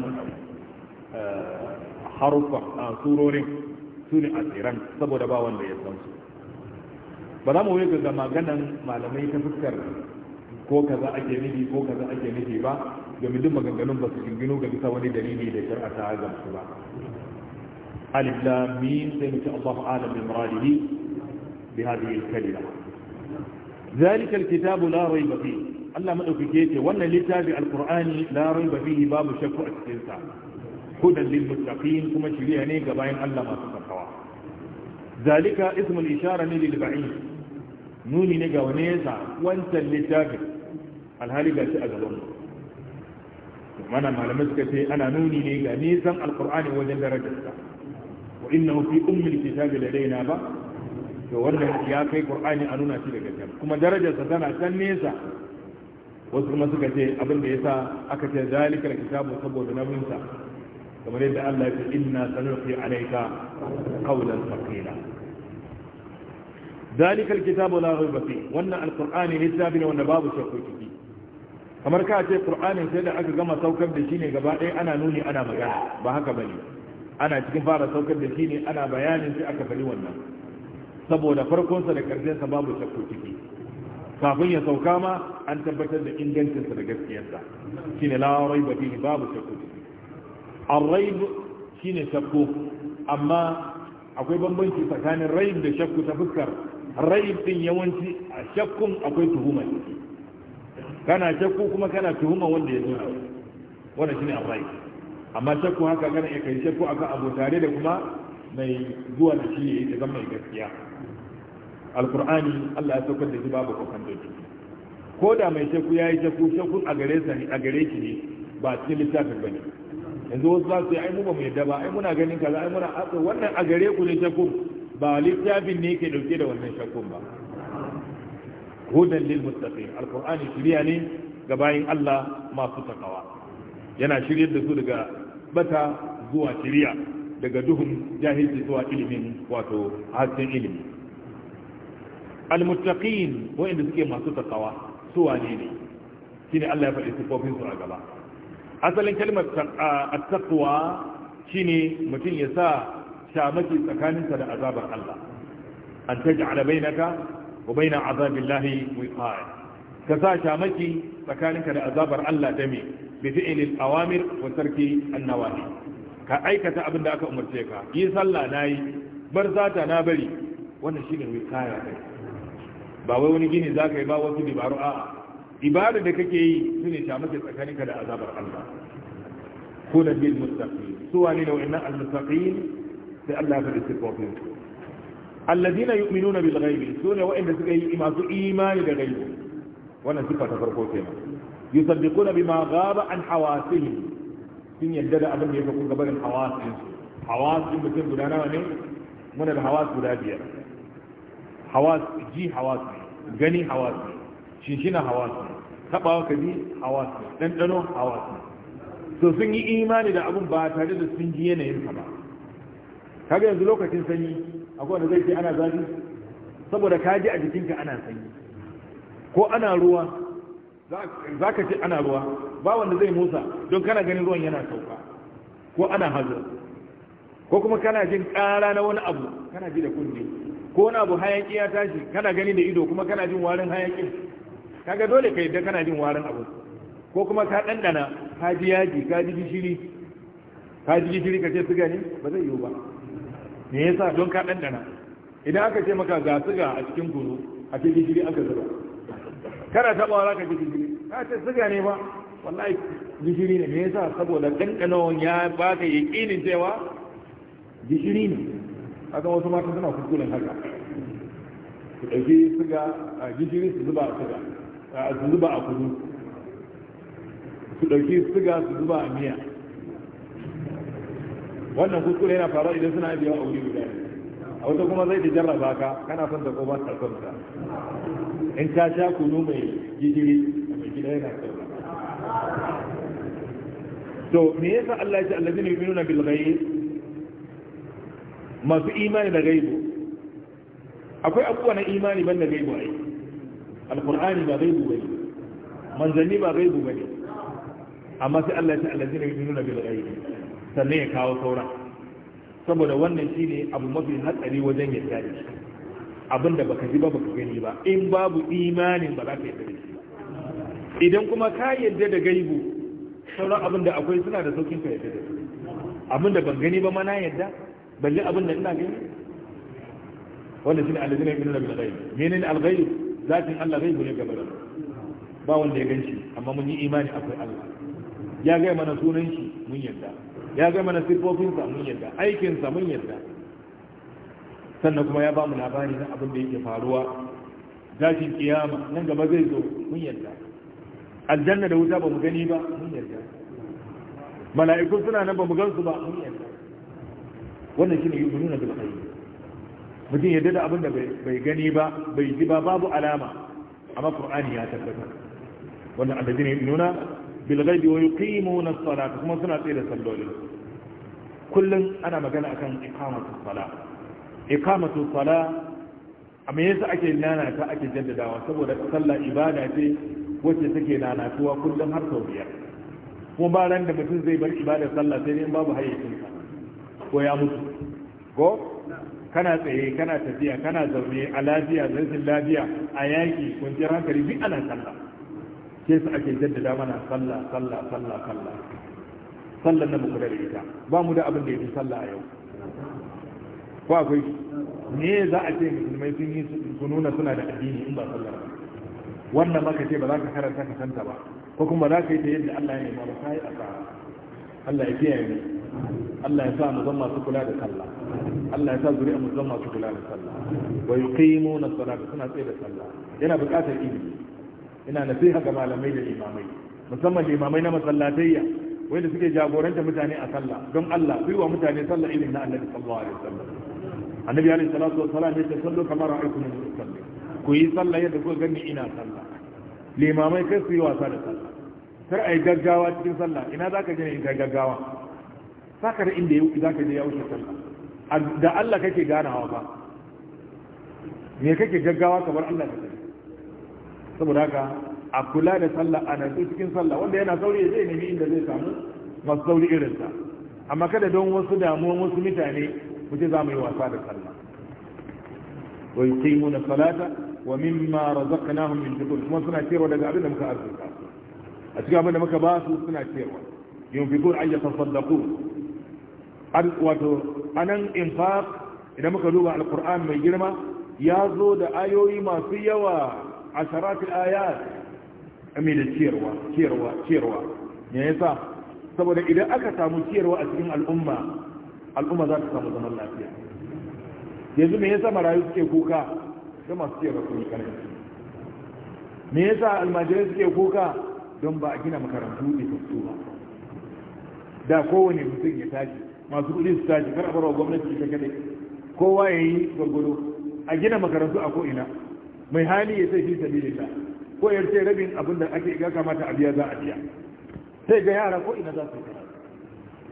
[SPEAKER 1] eh, harufa surorin su ne asiran saboda ba wanda ya san su ba za mu yi ga maganan malamai ta fuskar ko kaza ake nufi ko kaza ake nufi ba domin duk maganganun ba su gingino ga bisa wani dalili da shari'a ta gamsu ba alif lam mim sai mutum Allah alam bi muradihi bi hadhihi al-kalima zalika al-kitabu la rayba fihi Allah madaukake ce wannan littafi al-qur'ani la rayba fihi babu shakku a cikin sa hudan lil muttaqin kuma shiriya ne ga bayan Allah masu takawa zalika ismul ishara ne lil ba'id nuni ne ga wani yasa wancan littafin alhali ga shi a gaban mu mana malamai suka ce ana nuni ne ga nisan alkur'ani wajen darajarsa wa innahu fi ummil kitabi daina ba to wannan ya kai qur'ani a nuna shi daga can kuma darajarsa tana can nesa wasu kuma suka ce abin da yasa aka ce zalikal kitabu saboda nauyinsa kamar yadda Allah ya ce inna sanulqi alayka qawlan thaqila zalikal kitabu la rayba fi wannan alkur'ani alqur'ani littafin wanda babu shakku ciki kamar ka ce qur'anin sai da aka gama saukar da shi ne gaba ɗaya ana nuni ana magana ba haka bane ana cikin fara saukar da shi ne ana bayanin sai aka faɗi wannan saboda farkonsa da sa babu shakku ciki kafin ya sauka ma an tabbatar da ingancinsa da gaskiyarsa shine la raiba fihi babu shakku ciki ar-raib shine shakku amma akwai bambanci tsakanin raib da shakku ta fuskar raib din yawanci a shakkun akwai tuhuma ciki kana shakku kuma kana tuhuma wanda ya nuna ne a rai amma shakku haka kana ya kai shakku akan abu tare da kuma mai zuwa da shi ya zama mai gaskiya Alkur'ani Allah ya saukar da shi babu kokan doki ko da mai shakku ya yi shakku shakku a gare sa a gare shi ne ba cikin littafin ne. yanzu wasu za su yi aimu mu ba mu yadda ba aimu na ganin kaza ai muna wannan a gare ku ne shakku ba littafin ne ke dauke da wannan shakkun ba hudan lil muttaqin alqur'ani shiriya ne ga bayin Allah masu takawa yana shiryar da su daga bata zuwa shiriya daga duhun jahilci zuwa ilimin wato hasken ilimi almuttaqin inda suke masu takawa su wane ne shine Allah ya faɗi sifofin su a gaba asalin kalmar at-taqwa shine mutum ya sa shamaki tsakaninsa da azabar Allah an taj'ala bainaka wa bainan azabillahi wiqaya ka sa shamaki tsakaninka da azabar Allah da me bi fi'lil awamir wa tarki annawahi ka aikata abin da aka umarce ka yi sallah nayi bar zata na bari wannan shine wiqaya kai ba wai wani gini zaka yi ba wasu dabaru a'a ibada da kake yi sune shamaki tsakaninka da azabar Allah kuna bil mustaqim suwa ne al sai Allah alladina yu'minuna bil su ne wa'anda suka yi masu imani da ghaibi wannan sifa ta farko kenan yusaddiquna bima gaba an hawasihim sun yadda da abin da yake kun gabarin hawasin hawasin mutum guda nawa ne muna da hawas guda biyar hawas ji hawas gani hawas shinshina hawas tabawa ji hawas dandano hawas to sun yi imani da abin ba tare da sun ji yanayin ka ba kaga yanzu lokacin sanyi akwai wanda zai ce ana zafi saboda ka ji a jikinka ana sanyi ko ana ruwa za ka ce ana ruwa ba wanda zai musa don kana ganin ruwan yana sauka ko ana hazo ko kuma kana jin ƙara na wani abu kana ji da kunne ko wani abu hayaki ya tashi kana gani da ido kuma kana jin warin hayaki kaga dole ka yadda kana jin warin abu ko kuma ka ɗanɗana ka ji yaji ka ji gishiri ka ji gishiri ka ce su gani ba zai yiwu ba me yasa don ka dandana idan aka ce maka ga siga a cikin kunu a cikin gidi aka zuba kada ta za ka cikin gidi
[SPEAKER 2] ka ce siga ne
[SPEAKER 1] ba wallahi gishiri ne me yasa saboda dandanawan ya baka yakinin cewa gishiri ne haka wasu mata suna kuskuren haka su ɗauki siga a gishiri su zuba a siga su zuba a kunu su ɗauki siga su zuba a miya
[SPEAKER 3] wannan kuskure yana faruwa
[SPEAKER 1] idan suna biya a wuri guda a wata kuma zai ta jarraba ka kana son da koma ta son in ta sha kunu mai gidiri mai gida yana son to me yasa Allah ya ce allazina yu'minuna bil ghaib masu imani da gaibu akwai abubuwa na imani ban da gaibu ai alqur'ani ba gaibu bane manzanni ba gaibu bane amma sai Allah ya ce allazina yu'minuna bil ghaib sannan ya kawo sauran saboda wannan shi ne abu mafi hatsari wajen yadda da shi abin da baka ji ba baka gani ba in babu imanin ba za ka yadda da shi ba idan kuma ka yadda da gaibu sauran abin da akwai suna da saukin ka yadda da su abin da ban gani ba ma na yadda balle abin da ina gani wannan shine alladina yu'minuna bil ghaib menene al ghaib zatin Allah ghaibu ne gaba da ba wanda ya ganshi amma mun yi imani akwai Allah ya gaya mana sunan shi mun yadda ya gama na siffofinsa mun yadda aikinsa mun yadda sannan kuma ya ba mu labari na abin da yake faruwa gashin kiyama nan gaba zai zo mun yadda aljanna da wuta ba mu gani ba mun yarda mala'ikun suna nan ba mu gansu ba mun yarda wannan shine nuna da ghaib mutum yarda da abin da bai gani ba bai ji ba babu alama amma qur'ani ya tabbata wannan alladhina nuna. bil ghaibi wa yuqimuna as-salata kuma suna tsaye da salloli kullum ana magana akan iqamatu as-sala iqamatu as a amma yasa ake nana ta ake jaddadawa saboda sallah ibada ce wacce take nanatuwa kullum har sau biyar kuma ba ran da mutum zai bar ibadar sallah sai dai in babu hayyacin sa ko ya mutu ko kana tsaye kana tafiya kana zaune a lafiya rashin lafiya a yaki kwanciyar hankali bi ana sallah sai su ake jaddada mana sallah sallah sallah sallah sallan na muku da ita ba mu da abin da ya fi sallah a yau ko akwai ne za a ce musulmai sun yi su nuna suna da addini in ba sallah ba wannan maka ce ba za ka karanta ka santa ba ko kuma ba za ka yi ta yadda Allah ya nema ba ka yi asara Allah ya kiyaye mu Allah ya sa mu zama masu kula da sallah Allah ya sa zuri'a mu zama masu kula da sallah wa yuqimuna salata suna tsaye da sallah yana buƙatar ilimi ina nasiha ga malamai da limamai musamman limamai na masallatayya wanda suke jagoranta mutane a sallah don Allah su wa mutane sallah irin na annabi sallallahu alaihi wasallam annabi alaihi salatu wasallam ya ce sallu kama ra'aytum sallah ku yi sallah yadda kuka gani ina sallah limamai kai su yi wasa da sallah kar ai gaggawa cikin sallah ina zaka je in kai gaggawa saka da inda zaka je ya wuce sallah da Allah kake ganawa ba me kake gaggawa kamar Allah kake saboda haka a kula da sallah a nan cikin sallah wanda yana sauri zai nemi inda zai samu masu sauri irinsa amma kada don wasu damuwan wasu mutane mu ce za mu yi wasa da sallah wa yuqimuna salata wa mimma razaqnahum yunfiqun kuma suna cewa daga abin da muka arzuta a cikin abin da muka ba su suna cewa yunfiqun ay yatasaddaqu al wato anan infaq idan muka duba alquran mai girma ya zo da ayoyi masu yawa asharat ayat amina ciyarwa ciyarwa ciyarwa me yasa saboda idan aka samu ciyarwa a cikin al'umma al'umma za ta samu zaman lafiya yanzu me yasa marayu suke kuka don masu ciyarwa sun yi karanci me yasa almajirai suke kuka don ba a gina makarantu isassu ba da kowane mutum ya tashi masu kuɗi su tashi kar a barwa gwamnati ta kadai kowa ya yi gwargwado a gina makarantu a ko'ina mai hali ya sai fi sabilillah ko ya ce rabin abin da ake ga kamata a biya za a biya sai ga yara ko ina za su kai.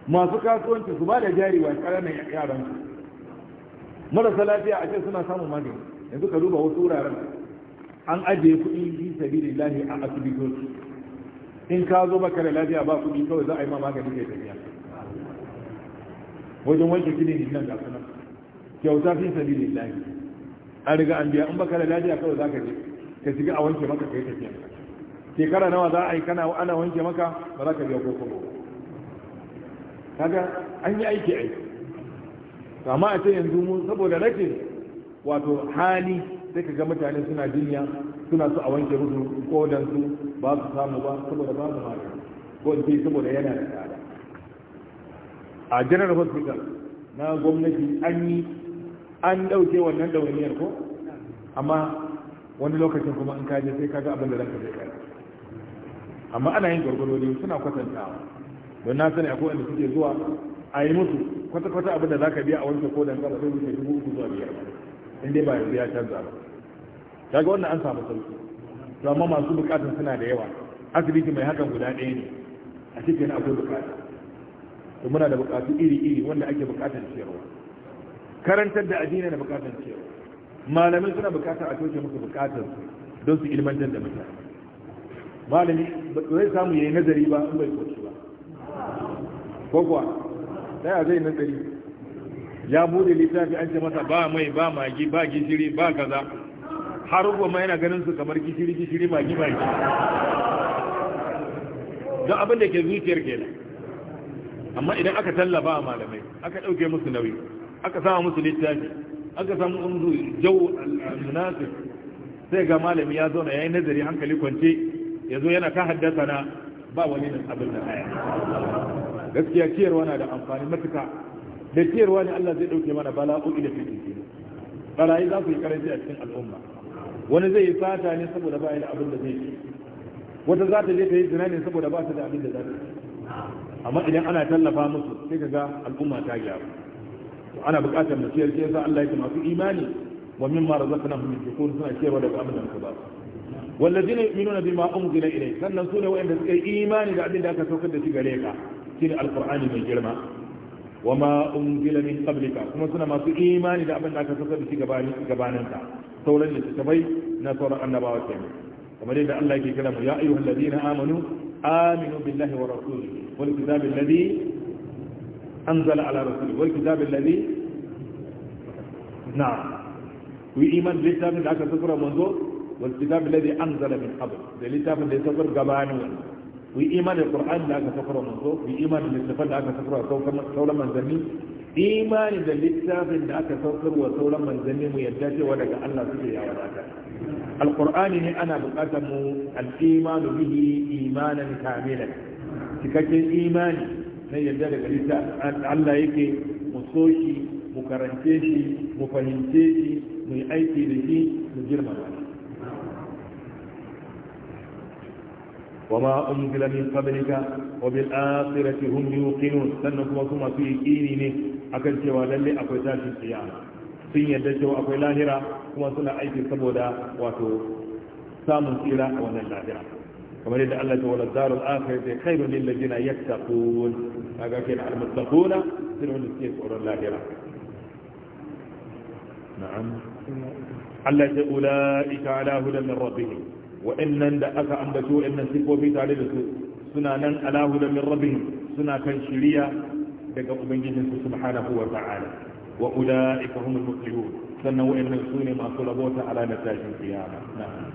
[SPEAKER 1] masu kasuwanci su ba da jari wa karamin yaran marasa lafiya a ce suna samun magani yanzu ka duba wasu wuraren an ajiye kuɗi fi sabilillahi a asibitoci in ka zo baka da lafiya ba kuɗi kawai za a yi ma magani kai tafiya wajen wanke kini nan ga sunan kyauta fi sabilillahi an riga an biya in baka da lafiya kawai zaka je ka shiga a wanke maka kai tafiya shekara nawa za a yi kana ana wanke maka ba za ka biya ko kuma kaga an yi aiki aiki amma a ce yanzu mu saboda rashin wato hali sai ka ga mutane suna jinya suna su a wanke musu kodan su ba su samu ba saboda ba su magani ko in ce saboda yana da tsada a general hospital na gwamnati an yi an ɗauke wannan ɗawainiyar ko amma wani lokacin kuma in kaje sai kaga abin da ranka zai kai amma ana yin gwargwaro ne suna kwatantawa don na sani akwai wanda suke zuwa a yi musu kwata-kwata abin da za ka biya a wancan ko dan kaba sai wuce dubu uku zuwa biyar in dai ba yanzu ya canza ba kaga wannan an samu sauki to amma masu bukatun suna da yawa asibiti mai hakan guda ɗaya ne a cikin akwai bukata to muna da bukatu iri-iri wanda ake bukatar ciyarwa karantar da addini na bukatar cewa Malamin suna bukatar a toshe musu bukatar don su ilmantar da mutane malami zai samu yayi nazari ba in bai koci ba ko kuwa sai a zai nazari ya bude littafi an ce masa ba mai ba magi ba gishiri ba kaza har ma yana ganin su kamar gishiri gishiri magi magi don abin da ke zuciyar kenan amma idan aka tallafa a malamai aka ɗauke musu nauyi aka sama musu littafi aka samu unzu jau al-munasib sai ga malami ya zauna yayin nazari hankali kwance yazo yana ka haddasa na ba wani nan abin da haya gaskiya ciyarwa na da amfani matuka da ciyarwa ne Allah zai dauke mana bala'o'i da fitintinu barayi za su yi karanci a cikin al'umma wani zai yi sata ne saboda ba da abin da zai yi wata za ta je ta yi zina ne saboda ba ta da abin da za ta
[SPEAKER 3] yi amma
[SPEAKER 1] idan ana tallafa musu sai ka ga al'umma ta gyaru ana buƙatar mu ciyar ke sa Allah ya ce masu imani wa mimma razaqnahum yunfiqun suna cewa daga abin da muka ba su والذين يؤمنون بما أنزل إليك sannan sune wa'anda suka yi imani da abin da aka saukar da shi gare ka shine alqur'ani mai girma wama unzila min qablika kuma suna masu imani da abin da aka saukar da shi gabanin gabanin ka sauran littattafai na sauran annabawa kenan kamar yadda Allah yake kira mu ya ayyuhal ladina amanu aminu billahi wa rasulihi wal kitabil ladhi anzala ala rasulihi wal kitabil ladhi نعم وإيمان بالكتاب من عشر سفر منذ والكتاب الذي أنزل من قبل ذي الكتاب الذي سفر قبانيا وإيمان القرآن من عشر سفر منذ وإيمان من السفر من عشر سفر سولا من زمين إيمان ذي الكتاب من عشر سفر وسولا من زمين ويجاتي ولك أن سفر يا ولاتك القرآن هي أنا بقدم الإيمان به إيمانا كاملا تكتل إيمان نيجدك لسا أن الله يكي مصوشي mu karance shi mu fahimce shi mu yi aiki da shi mu girmama shi وما أنزل من قبلك kuma هم يوقنون سنكم وكما في إيني cewa شوى akwai أكوتاش القيامة sun yadda cewa akwai lahira kuma suna aiki saboda wato samun tsira a wannan lahira kamar yadda Allah ta wala zarul akhir sai khairun lil ladina yattaqun kaga kenan al muttaquna sun wanda suke tsoron lahira Allah ce ula'ika ala hudan min rabbihim wa'annan da aka ambaci wa'annan sifofi tare da su suna nan ala hudan min rabbihim suna kan shiriya daga ubangijin su subhanahu wa ta'ala wa ula'ika humul muflihun sannan wa'annan su ne masu rabota ala tashin kiyama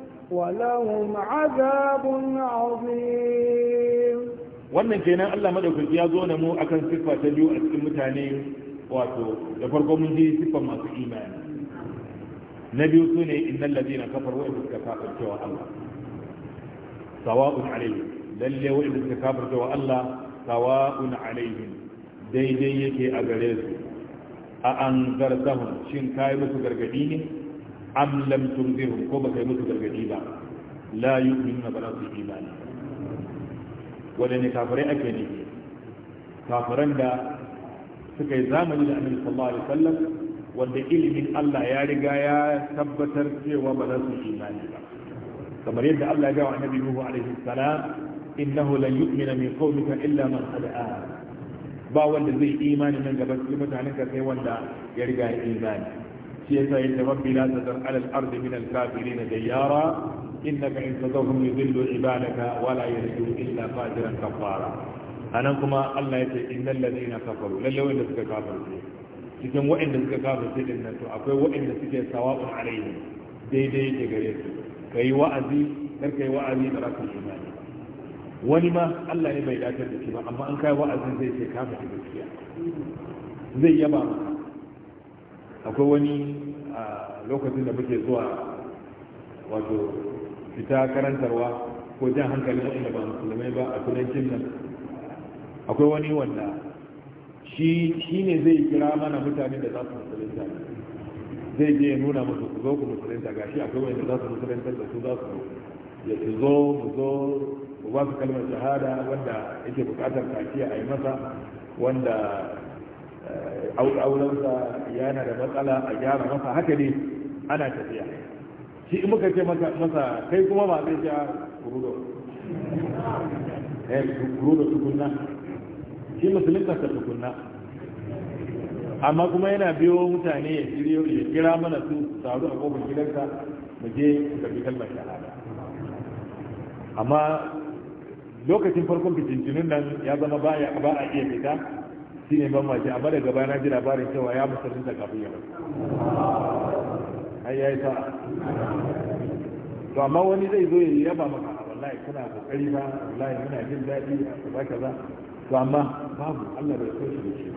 [SPEAKER 2] ولهم عذاب عظيم
[SPEAKER 1] wannan kenan Allah madaukaki ya zo na mu akan siffa ta biyu a cikin mutane wato da farko mun ji siffa masu imani na biyu su ne innal ladina kafaru wa suka kafar cewa Allah sawa'un alaihim lalle wa suka kafar cewa Allah sawa'un alaihim daidai yake a gare su a an zartahum shin kai musu gargadi ne am lam tunziru ko baka yi musu gargadi ba la yu'minuna ba za su imani wadanda kafirai ake ne kafiran da suka yi zamani da annabi sallallahu alaihi wasallam wanda ilimin Allah ya riga ya tabbatar cewa ba za su imani ba kamar yadda Allah ya ga wa annabi Nuhu alaihi salam innahu lan yu'mina min qawmika illa man qad ba wanda zai imani nan gaba cikin mutanen ka sai wanda ya riga ya imani shi yasa ya ce rabbi la tazar ala al-ardi min al-kafirin dayyara innaka in tazarhum yudillu ibadaka wala la yalidu illa fajiran kafara anan kuma Allah ya ce innal ladina kafaru lalle wanda suka kafirce cikin waɗanda suka kafirce din nan to akwai waɗanda suke sawa'un alaihim daidai ke gare su kai wa'azi kar kai wa'azi da rasul imani wani ma Allah ne bai dace da shi ba amma an kai wa'azin zai ce kafa gaskiya zai yaba maka akwai wani a lokacin da muke zuwa wato fita karantarwa ko jan hankalin wanda ba musulmai ba a kudancin nan akwai wani wanda shi ne zai kira mana mutane da za su musulunta zai je ya nuna musu ku zo ku musulunta Ga shi akwai wanda za su musulunta da su za su ya su zo mu zo mu ba su kalmar shahada wanda yake bukatar kaciya a yi masa wanda aulaulansa yana da matsala a gyara masa haka ne ana tafiya shi in muka ce masa kai kuma ba zai sha kurudo eh kurudo tukunna shi musulun ta tukunna amma kuma yana biyo mutane ya shiryo ya kira mana su taru a kofar gidansa mu je ka bi kalmar shahada amma lokacin farkon fitintunin nan ya zama ba a iya fita shi ne ban maki amma daga baya na ji labarin cewa ya musulun da kafin yau ai yayi sa to amma wani zai zo ya yi yaba maka ah, wallahi kuna kokari ba wallahi muna jin daɗi kaza kaza to amma babu Allah bai so shi da shi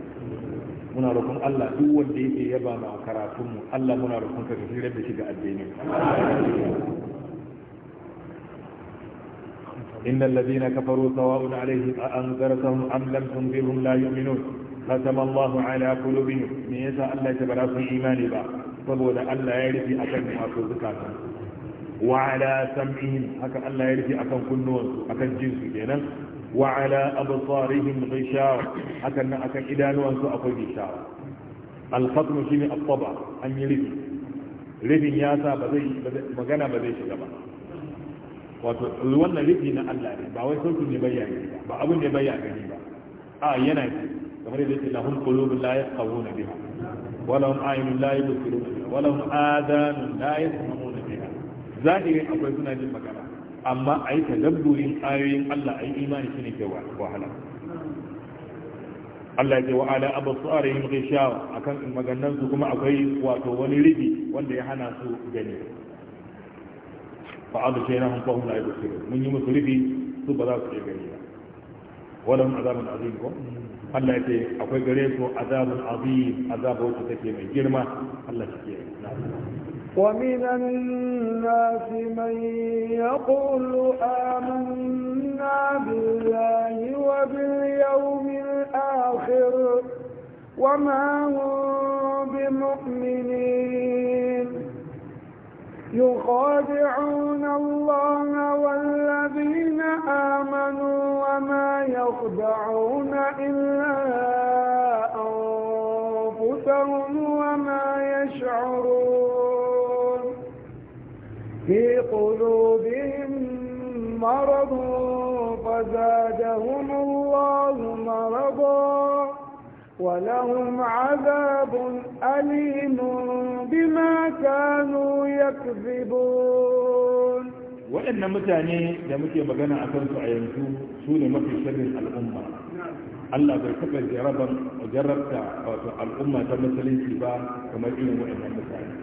[SPEAKER 1] muna roƙon Allah duk wanda yake yaba ma karatun mu Allah muna roƙon ka hirar da shi ga addini إن الذين كفروا سواء عليهم أأنذرتهم أم لم تنذرهم لا يؤمنون ختم الله على قلوبهم me yasa Allah ya tabara sun imani ba saboda Allah ya rufe akan masu zukata wa ala sam'ihim haka Allah ya rufe akan kunnuwansu akan jinsu kenan wa ala absarihim ghishaw hakan nan akan idanuwansu akwai ghishaw al-khatm shine at-taba an yi rufe rufin ya sa magana ba zai shiga ba wato rufi na Allah ne ba wai sautin ne bayyana ba abin ne bayyana gani ba a yana ce kamar yadda yake lahum qulubun la yafqahuna biha wa lahum a'yunun la yubsiruna biha wa lahum adanun la yasma'una biha zahiri akwai suna jin magana amma ayi tadabburin ayoyin Allah ayi imani shine ke wahala Allah ya ce wa ala absarihim ghishawa akan magannan su kuma akwai wato wani ribi wanda ya hana su gani fa adshayna hum qawm la yubsirun mun yi musu ribi su ba za su iya gani ba wala hum azabun azim ko Allah ya ce akwai gare su azabun azim azaba wacce take mai girma Allah
[SPEAKER 2] shi ke ومن الناس من يقول آمنا بالله وباليوم الآخر وما هم بمؤمنين يخادعون الله والذين آمنوا وما يخدعون إلا أنفسهم وما يشعرون في قلوبهم مرض فزادهم الله مرضاً ولهم عذاب أليم بما كانوا يكذبون
[SPEAKER 1] وإن متاني a مغانا أكنت عينتو سولة مفي شر الأمة Allah bai taɓa jarabar jarabta wato al'umma ta musulunci ba kamar irin waɗannan mutane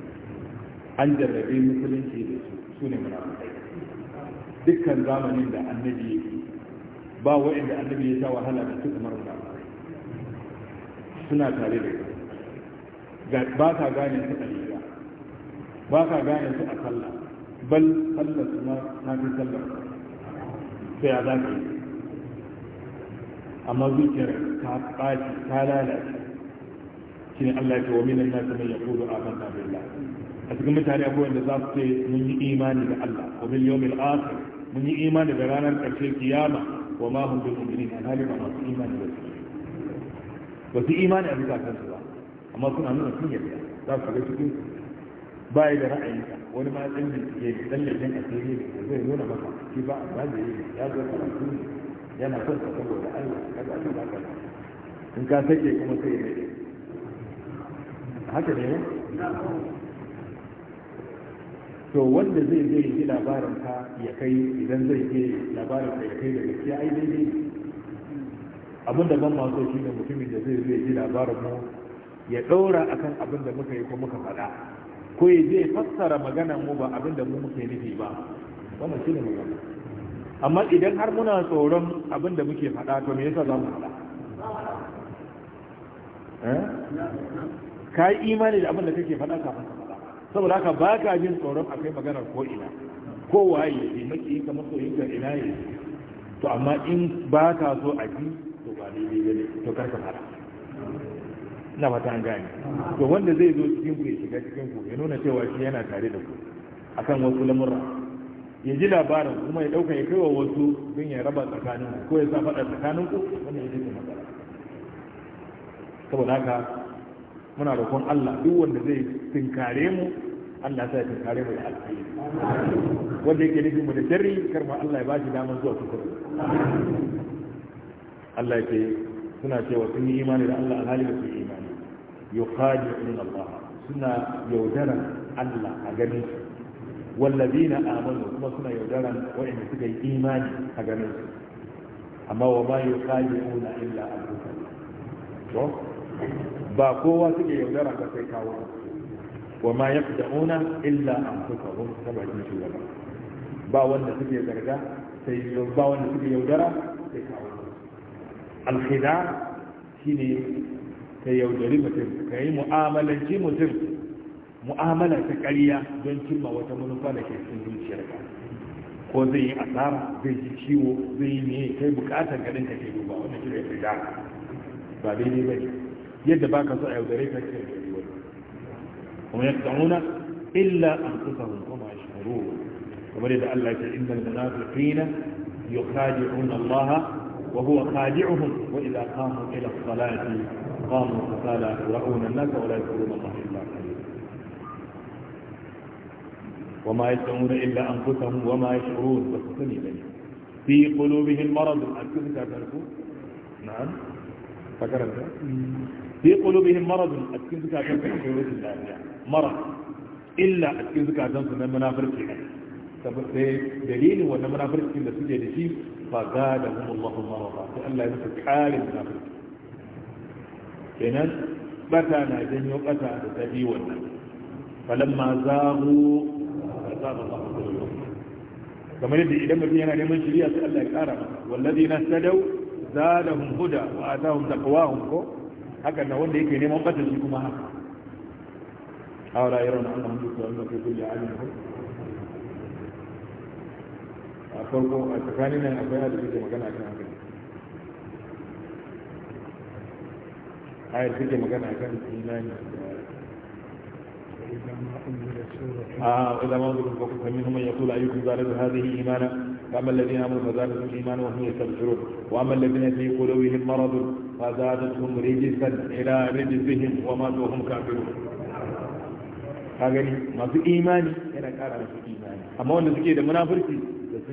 [SPEAKER 1] an jarrabe musulunci da su su ne munafikai dukkan zamanin da annabi yake ba waɗanda annabi ya wahala da su kamar suna tare da ita ba ka gane su a riga ba ka gane su a sallah bal kalla su ma na fi sallar sai a za ka yi amma zuciyar ta ɓaci ta lalace shi ne Allah ya ce wa minan nasu mai yaƙudu a kan billah a cikin mutane akwai wanda za su ce mun yi imani da Allah wa bil yawmil akhir mun yi imani da ranar ƙarshe kiyama wa ma hum bil mu'minin alhali masu imani da su ba su imani a zukatansu ba amma suna nuna sun yadda za su ga cikin ba da ra'ayinka wani ma ɗan bincike ne ɗan ɗan asiri ne da zai nuna maka shi ba a ba da yi ya zo karatu ne yana son ka saboda Allah ka ga Allah ka in ka sake kuma sai ya rage haka ne to wanda zai zai ji labarin ka ya kai idan zai je labarin ka ya kai da gaskiya ai daidai ne abin da ban maso shi ne mutumin da zai zai ji labarin mu ya ɗora akan abin da muka yi ko muka faɗa ko ya je fassara magana mu ba abin da mu muke nufi ba wannan shi ne magana amma idan har muna tsoron abin da muke faɗa to me yasa za mu faɗa eh? ka yi imani da abin da kake faɗa kafin ka faɗa saboda haka ba ka jin tsoron akai maganar ko ina ko waye ya yi maki ka masoyinka ina ya to amma in ba ka so a ji daidai to karka fara na fata an gane to wanda zai zo cikin ku ya shiga cikin ku ya nuna cewa shi yana tare da ku akan wasu lamurra ya ji labarin kuma ya dauka ya kaiwa wasu don ya raba tsakanin ku ko ya sa faɗa tsakanin ku wannan ya ce matsala saboda haka muna roƙon Allah duk wanda zai tinkare mu Allah sai tinkare mu da alkhairi wanda yake nufin mu da sharri kar ma Allah ya ba shi damar zuwa kuskure Allah ya ce suna cewa sun yi imani da Allah alhali da su yi imani yukhadi'un Allah suna yaudaran Allah a ganin su wallazina amanu kuma suna yaudaran waɗanda suka yi imani a ganin su amma wa ma yukhadi'una illa anfusahum to ba kowa suke yaudara ga sai kawo wa ma yaqda'una illa anfusahum saboda shi ba wanda suke zarga sai ba wanda suke yaudara sai kawo alkhida shine ka yaudari mutum ka yi mu'amalanci mutum mu'amala ta ƙarya don cimma wata manufa da ke cikin zuciyarka ko zai yi asara zai ji ciwo zai yi ne kai bukatar garin ka ke duba wanda shi ne fida ba daidai ba yadda ba ka so a yaudare ka ce da yiwu kuma ya tsamuna illa an kusa hun kuma shuru kamar yadda Allah ya ce na innal munafiqina yukhadi'una Allah وهو خادعهم وإذا قاموا إلى الصلاة قاموا فقال يرؤون الناس ولا يذكرون الله إلا قليلا وما يسمعون إلا أنفسهم وما يشعرون وتسمي بني في قلوبهم مرض أكيد كافركم نعم فكرت في قلوبهم مرض أكيد كافركم في وجه الله مرض إلا أكيد كافركم من منافرتهم إيه؟ دليل هو ان munafircin da suke da fa gada Allahu ba sai Allah ya musu karin kafirci kenan bata na janyo bata da tafi wannan ma za mu azaba Allah kullu kamar yadda idan mutum yana neman shiriya sai Allah ya kara masa walladina sadaw zadahum huda wa atahum taqwahum ko haka na wanda yake neman bata shi kuma haka awala yarawna annahum yusallu fi kulli amin a farko a tsakanin nan akwai hadisi da magana akan hankali ayar suke magana akan imani
[SPEAKER 3] إذا ما أنزلت
[SPEAKER 1] فوقك منهم من يقول أيكم زادت هذه إيمانا فأما الذين آمنوا فزادتهم إيمانا وهم يستبشرون وأما الذين في قلوبهم مرض فزادتهم رجسا إلى رجسهم وماتوا وهم كافرون ka gani masu imani أنا kara masu imani amma wanda suke da munafurci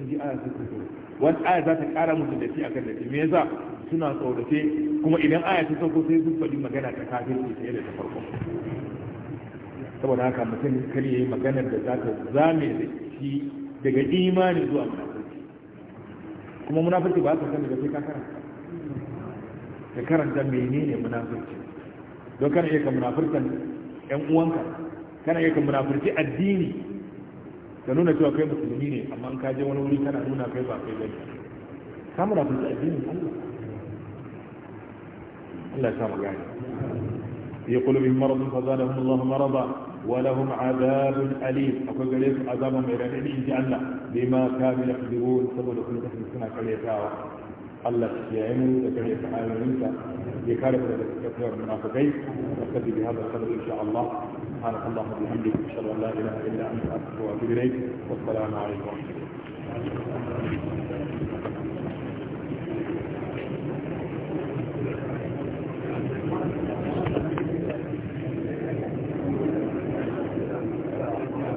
[SPEAKER 1] ji ana sun fito wani aya za ta kara musu da fi kan da fi me yasa suna tsorace kuma idan aya ta sauko sai sun faɗi magana ta su sai da ta farko saboda haka mutum kar yi maganar da za ta zame da shi daga imani zuwa munafurci kuma munafurci ba ka sani da sai ka karanta ka karanta menene munafurci don kana iya ka munafurtan yan uwanka kana iya ka munafurci addini da nuna cewa kai musulmi ne amma ka je wani wuri kana nuna kai ba kai bane ka mura fi addinin Allah Allah ya sa mu gane يقول بهم مرض فزادهم الله مرضا ولهم عذاب أليم أقول قليل عذاب ميراني إن شاء الله بما كانوا يكذبون سبب كل تحت السنة كليتاوة الله يعين وكليت عالم منك يكارب لك كثير من منافقين نقتدي بهذا الخبر إن شاء الله سبحانك اللهم وبحمدك أشهد أن لا إله إلا أنت أستغفرك وأتوب إليك والسلام عليكم
[SPEAKER 3] ورحمه الله